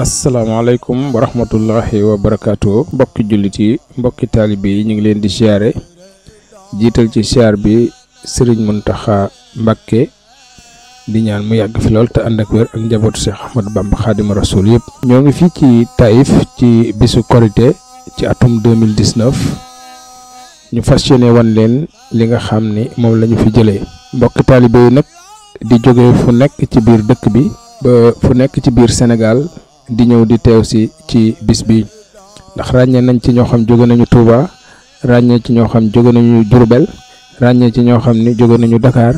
Assalamualaikum warahmatullahi wabarakatuh. mbokk juliti mbokk talibi yi ñu ngi leen di siyaare jital ci siyaar bi serigne Muntaxa Mbàkke di ñaan mu yagg fi lol te ànd ak ak njabootu Cheikh ahmad Bamba khadim rasoul ñoo ngi fi ci taif ci bisu korité ci atum 2019 ñu fas yéene wan leen li nga xam ni moom lañu ñu fi jëlee mbokki taalibe yi nag di jóge fu nekk ci biir dëkk bi ba fu nekk ci biir senegal di ñëw di teew si ci bis bi ndax ràññee nañ ci ñoo xam jóge nañu Touba ràññee ci ñoo xam jóge nañu Diourbel ràññee ci ñoo xam ni jóge nañu Dakar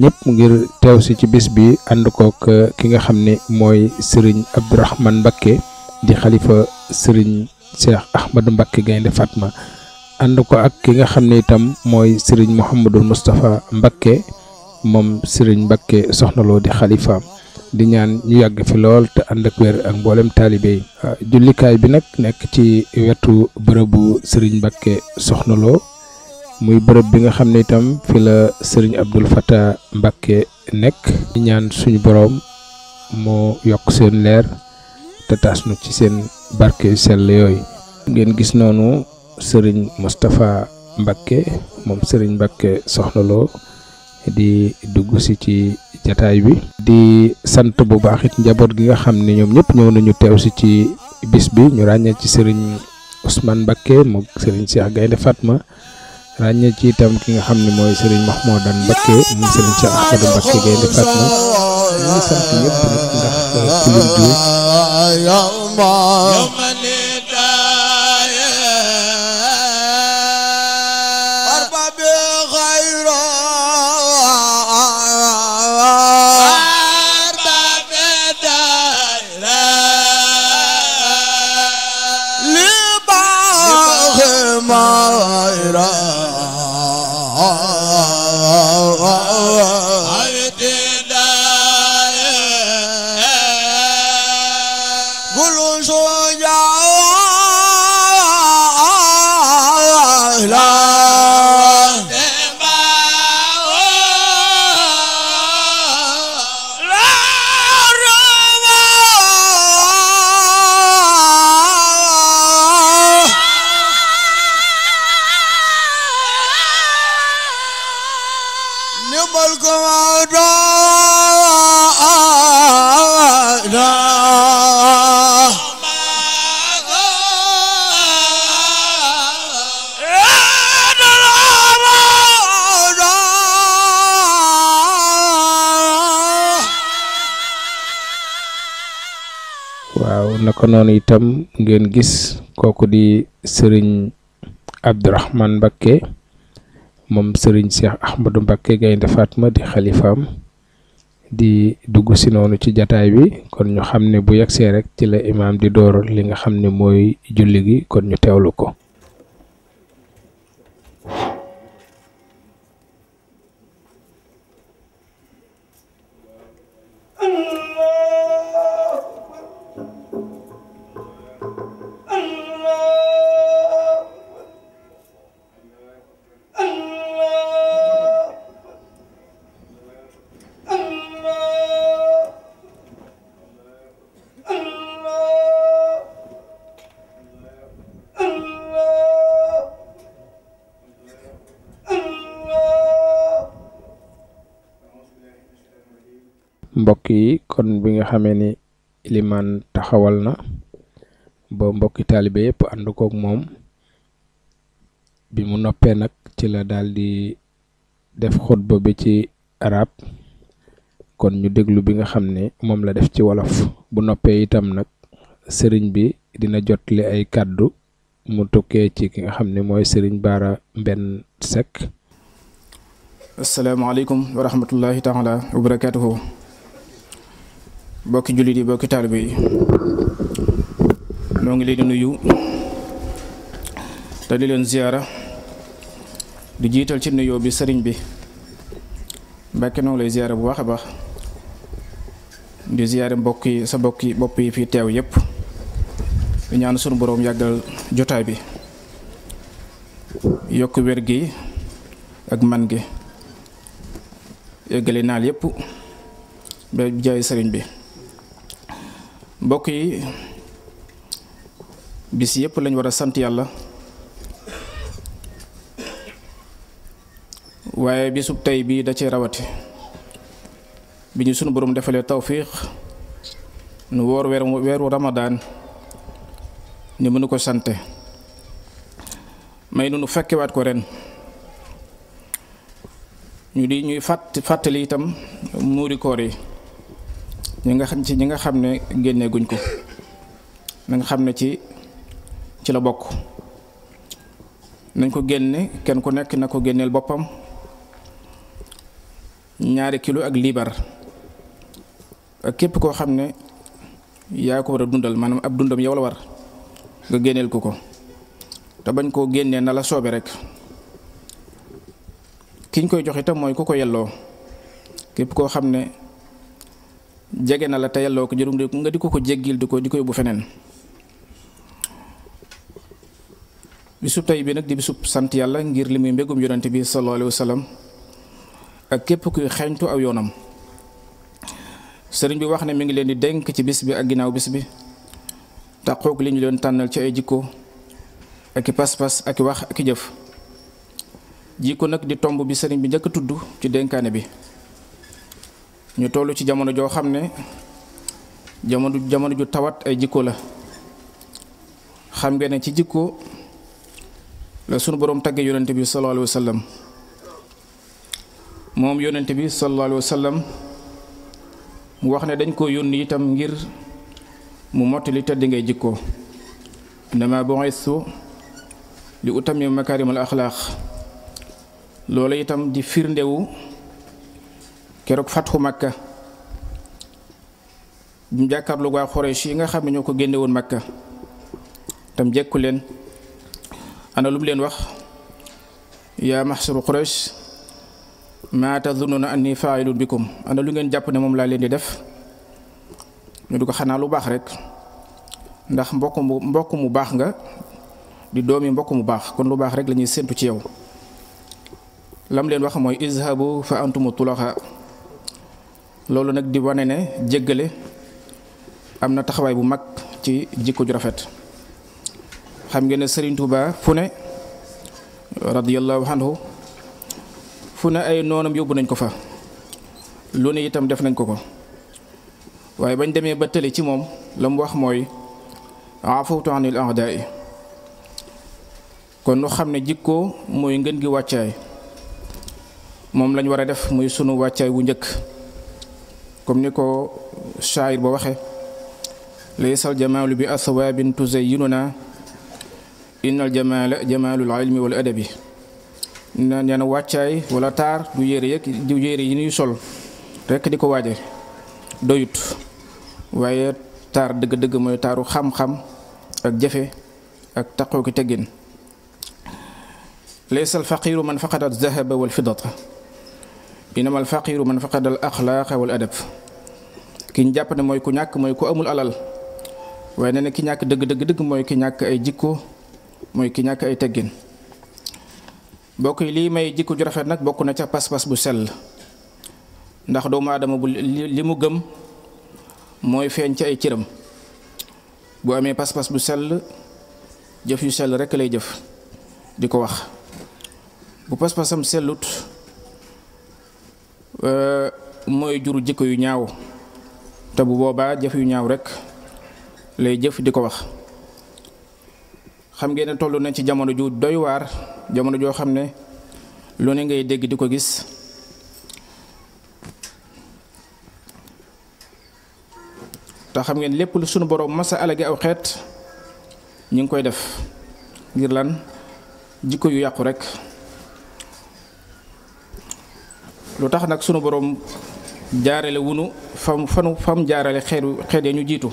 ñëpp ngir teew si ci bis bi ànd kook ki nga xam ni mooy sëriñ Abdourahmane Mbacké di xalifa sëriñ cheikh ahmadu mbàkke gaynde fatma and ko ak ki nga xam ne moy serigne sëriñ mustapha moustapha Sirin serigne sohno soxna lo di khalifa di ñaan ñu yagg fi lol te and ak binak ak mboolem talibé ah, jullikaay bi sohno nek ci wetu serigne sëriñ soxna lo muy bërepp bi nga fi la serigne abdul Fatta mbàkke nek di ñaan suñu borom mo yok seen lèr te taas nu ci sen barke sel yoy ngeen gis nonu serigne mustapha mbacke mom serigne mbacke soxna lo di dugg si ci jotaay bi di Santo bu baax it njaboot gi nga xamni ñom ñep ñew nañu tew si ci bis bi ñu ragne ci serigne Ousmane mbacke mo serigne Cheikh Gaynde Fatma ragne ci tam ki nga xamni moy serigne Mahmoudan mbacke mo serigne Cheikh Ahmadou mbacke Gaynde Fatma ñu ngi sant ñëpp nag ndax ku leen waaw naka noonu itam ngeen gis kooku di sëriñ Abdourahman Mbakke moom sëriñ Cheikh Ahmadou Mbakke Gaynde Fatma di xalifaam di dugg si noonu ci jataay bi kon ñu xam ne bu yegsee rek ci la imaam di door li nga xam ne mooy julli gi kon ñu teewlu ko mbokki kon bi nga xamé ni liman taxawal na ba mbokki taalibe yëpp ànd ak mom bi mu noppé nak ci la daldi def khutba bi ci arab kon ñu déglu bi nga xamné mom la def ci wolof bu noppé itam nak sëriñ bi dina jotli ay kaddu mu tukkee ci ki nga xam moy mooy sëriñ Baara Mbenn Seck asalaamaaleykum wa rahmatullahi taala wa bokki jullit yi bokki taalibe yi noo ngi leen nuyu te di leen ziyaara di jiital ci nuyoo bi sëriñ bi mbàkke noo ngi lay ziyaara bu baax a baax di ziyaare mbokk sa bokki bopp yi fi teew yépp ñaan sunu boroom yàggal jotaay bi yokk wér gi ak man gi yëggale naal yépp ba jaay sëriñ bi bokk yi bis yépp lañ war a sant yàlla waaye bisub tey bii da ci rawati bi ñu sunu borom defalee tawfiix nu woor weer weeru ramadaan ñu mënu ko sante may nu nu fekkewaat ko ren ñu di ñuy fàtt fàttali itam muuri koor yi ñi nga xam ci ñi nga xam ne génnee guñ ko na xam ne ci ci la bokk nañ ko génne kenn ku nekk na ko génneel boppam ñaari kilo ak liibar ak képp koo xam ne yaa ko war a dundal maanaam ab dundam yow la war nga génneel ko ko te bañ koo génnee na la soobe rek kiñ koy jox itam mooy ku ko yelloo képp koo xam ne jege na la te yàlloo jurum jërum nga di ko ko jéggil di ko di ko yóbbu bi nak di bisub sant yalla ngir limuy mbegum yonante bi sallallahu alaihi wasallam ak kep ku xeeñtu aw yonam serigne bi wax ne mi ngi len di denk ci bis bi ak ginaaw bis bi tàqoog li ñu leen ci ay jikko ak pas-pas ak wax ak jëf jikko nak di tombu bi serigne bi njëkk tuddu ci denkane bi ñu toll ci jamono joo xam ne jamono jamono ju tawat ay jikko la xam ngeen ne ci jikko la sunu boroom tagge yonente bi sallallahu alayhi sallam moom yonente bi sallallahu alayhi sallam mu wax ne dañ ko yónni itam ngir mu mottali tedd ngay jikkoo innama bu'istu li utammima makaarimal axlaaq loolu itam di firndewu keroog fatxu makka mu jàkkaarloog waa xorees yi nga xam ne ñoo ko génne woon makka tam jekku leen ana lu mu leen wax yaa maxsaru xorees maa tazunnuna anni faa'ilun bikum ana lu ngeen jàpp ne moom laa leen di def ñu di ko xanaa lu baax rek ndax mbokk mu mbokk mu baax nga di doomi mbokk mu baax kon lu baax rek lañuy séentu ci yow lam leen wax mooy izhabu fa antumu tulaxa loolu nag di wane ne jéggale am na taxawaay bu mag ci jikko ju rafet xam ngeen ne Serigne Touba fu ne radiyallahu anhu fu ne ay noonam yóbbu nañ ko fa lu ne itam def nañ ko ko waaye bañ demee ba tële ci moom la mu wax mooy afawtu anil a'da'i kon nu xam ne jikkoo mooy ngën gi wàccaay moom lañu war a def muy sunu wàccaay wu njëkk كم نيكو شاعر بوخه ليس الجمال بأثواب تزيننا إن الجمال جمال العلم والأدب نان يانا واتشاي ولا تار دو ييري ياك دو ييري يي نيو سول رك ديكو واجي دويوت وايي تار دغ دغ موي تارو خام خام اك جافي اك تاخو كي تيغين ليس الفقير من فقد الذهب والفضه inama alfaqiru man faqada al axlaaqa wal adab ki ñu jàpp ne mooy ku ñàkk mooy ku amul alal waaye nee na ki ñàkk dëgg dëgg dëgg mooy ki ñàkk ay jikko mooy ki ñàkk ay teggin mbokk yi lii may jikko ju rafet nag bokk na ca pas-pas bu sell ndax doomu aadama bu li mu gëm mooy feeñ ci ay cëram bu amee pas-pas bu sell jëf yu sell rekk lay jëf di ko wax bu pas-pasam sellut mooy juru jikko yu ñaaw te bu boobaa jëf yu ñaaw rek lay jëf di ko wax xam ngeen ne toll nañ ci jamono ju doy waar jamono joo xam ne lu ne ngay dégg di ko gis te xam ngeen lépp lu sunu borom masa alage aw xeet ñu ngi koy def ngir lan jikko yu yàqu rek lutax nak sunu borom jaarale wunu fam fanu fam jaarale xeetu xeet ñu jitu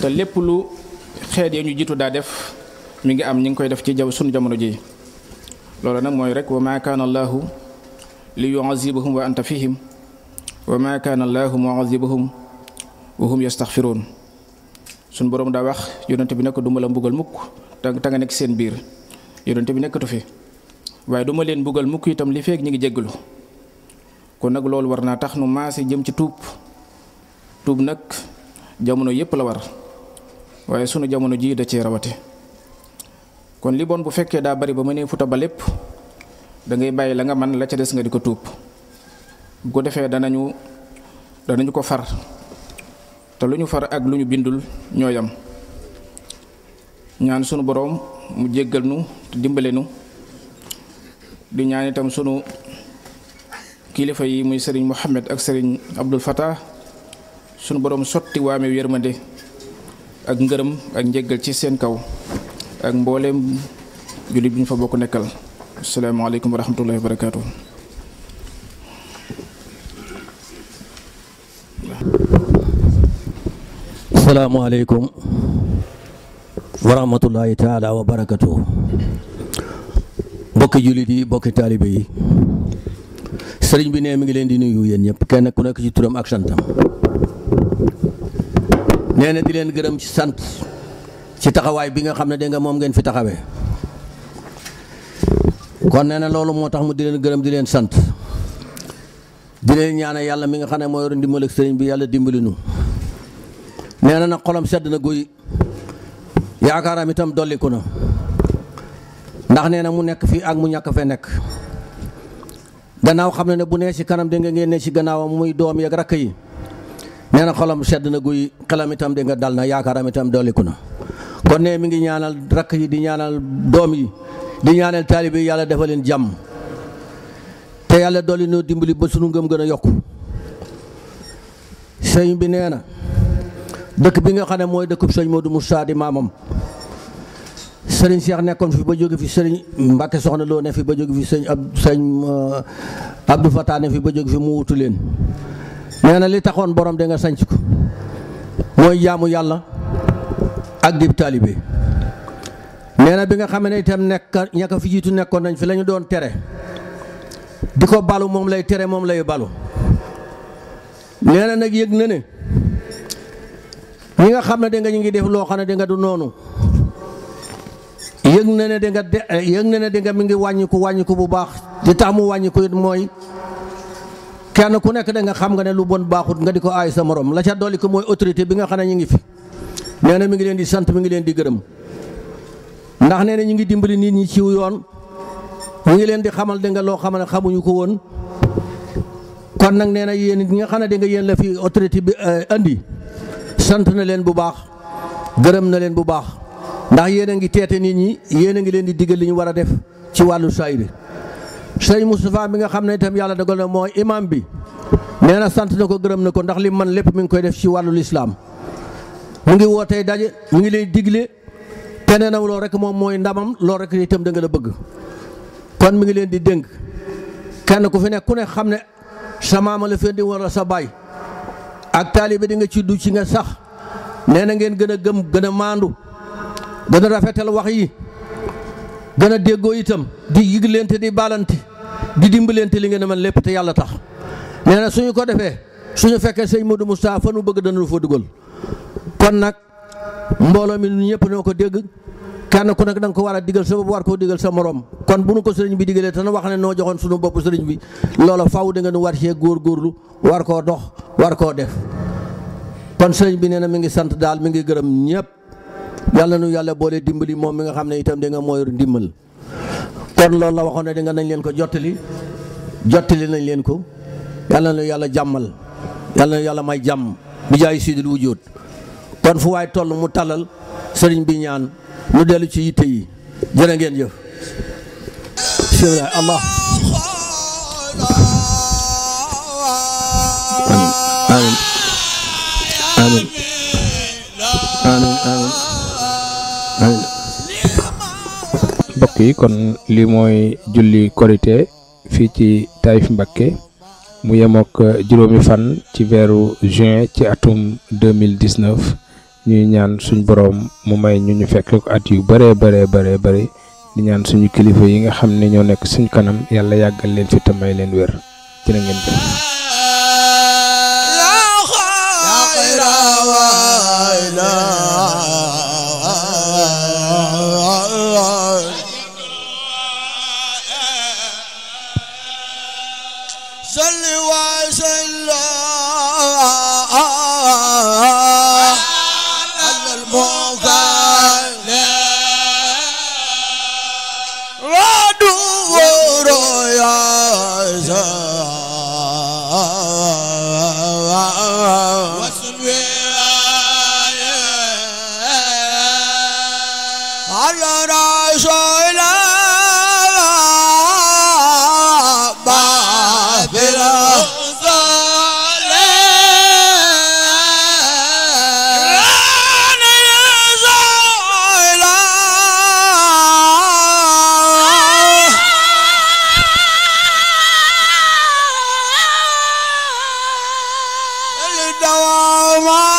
te lépp lu xeet ñu jitu da def mi ngi am ñing koy def ci jaw sunu jamono ji lolo nak moy rek wa ma kana allahu li yu'azibuhum wa anta fihim wa ma kana allahu mu'azibuhum wa hum yastaghfirun suñ borom da wax yonent bi nekk du la mbugal mukk tang tang nek seen bir yonent bi tu fi waye duma len bugal mukk itam li feeg ñi ngi jéggalu kon nak lool war naa tax nu maase jëm ci tup tup nak jamono yépp la war waye suñu jamono ji da ci rawate kon li bon bu fekkee da bari ba mëne futa ba lépp da ngay bayyi la nga man la ci dess nga diko ko bu ko defee danañu danañu ko far te luñu far ak luñu bindul ñoyam ñaan suñu borom mu jéggal nu dimbalé nu di ñaan itam sunu kilifa yi muy sëriñ Mouhamed ak sëriñ Abdul Fatah sunu borom sotti waame yërmande ak ngërëm ak njëggal ci seen kaw ak mbooleem jullit bi ñu fa bokk nekkal asalaamaaleykum wa rahmatullahi wa barakaatu. bokki jullit yi bokki taalibe yi sëriñ bi ne mu ngi leen di nuyu yéen ñëpp kenn ku nekk ci turam ak santam nee na di leen gërëm ci sant ci taxawaay bi nga xam ne dégg nga moom ngeen fi taxawee kon nee na loolu moo tax mu di leen gërëm di leen sant di leen ñaanal yàlla mi nga xam ne moo yor ndimbal sëriñ bi yàlla dimbali nu nee na nag xolam sedd na guy yaakaaram itam dolliku na. ndax nee na mu nek fi ak mu ñak fe nek gannaaw xamna ne bu ne si kanam de nga ngeen ne si gannaaw muy doom yak rak yi nee na xolam sedd na guy xalam itam de nga dal na yaakaaram itam doliku na kon ne mi ngi ñaanal rak yi di ñaanal doom yi di ñaanal talib yi yalla defal leen jam te yalla doli no dimbali ba suñu ngeum gëna yok yokku bi nee na bi nga xam moy dekk dëkkub Modou Moussa di mamam sëriñ Cheikh nekkoon fi ba jóge fi sëriñ Mbacke Soxna Lo ne fi ba jóge fi sëñ ab sëñ euh, Abdou fi ba jóge fi mu wutu leen nee na li taxoon borom da nga sanc ko mooy jaamu yàlla ak dib taalibe nee na bi nga xam ne itam nekk ña fi jiitu nekkoon nañ fi lañu doon tere di ko balu moom lay tere moom lay balu nee na nag yëg na ne ñi nga xam ne da nga ñu ngi def loo xam ne da nga du noonu. yëg na ne de nga de eh, na ne de nga mi ngi wàññiku wàññiku bu baax di tamu mu it moy kenn ku nek da nga xam nga ne lu bon baaxut nga di ko sa morom la ca doli ko moy autorité bi nga xana ñi ngi fi neena mi ngi len di sant mi ngi len di gërëm ndax neena ñi ngi dimbali nit ñi ci yoon ngi len di xamal de nga lo xam xamuñu ko won kon nak neena yeen nga xana de nga yeen la fi autorité bi andi eh, sant na len bu baax gërëm na len bu baax ndax yéen a ngi teete nit ñi yéen a ngi leen di diggal li ñu war a def ci wàllu saay bi sëñ Moustapha bi nga xam ne itam yàlla dogal na mooy imam bi nee na sant na ko gërëm na ko ndax li man lépp mu ngi koy def ci wàllu lislaam mu ngi wootee daje mu ngi leen digle te nee na rek moom mooy ndamam loolu rek itam da nga la bëgg kon mu ngi leen di dénk kenn ku fi nekk ku ne xam ne sa maama la fendi wala sa baay ak taalibe di nga ci du ci nga sax nee na ngeen gën a gëm gën a maandu gën a rafetal wax yi dana déggoo itam di yigleente di baalante di dimbalente li ngeen a mën lépp te yàlla tax nee na suñu ko defee suñu fekkee sëñ Modou Moustapha fa nu bëgg dana nu fa dugal kon nag mbooloo mi nu ñëpp noo ko dégg kenn ku nekk da ko war a digal sa bopp war koo digal sa morom kon bu nu ko sëriñ bi digalee te na wax ne noo joxoon suñu bopp sëriñ bi loola faw da nga nu war cee góorgóorlu war koo dox war koo def kon sëriñ bi nee na mi ngi sant daal mi ngi gërëm ñëpp. yàlla nu yàlla boole dimbali moom mi nga xam ne itam da nga mooy ndimbal kon loolu la waxoon ne da nañ leen ko jottali jottali nañ leen ko yàlla nu yàlla jàmmal yàlla may jàmm bi jaay sidul wujjóot kon fu waay toll mu tallal sëriñ bi ñaan nu dellu ci yitte yi jërë ngeen jëf mbokk yi kon li mooy julli korité fi ci taif Mbacké mu yemook juróomi fan ci weeru juin ci atum 2019 ñuy ñaan suñ boroom mu may ñu ñu fekk at yu bare bare bare bare di ñaan suñu kilifa yi nga xam ne ñoo nekk kanam yàlla yàggal leen fi te may leen wér na ngeen Roma.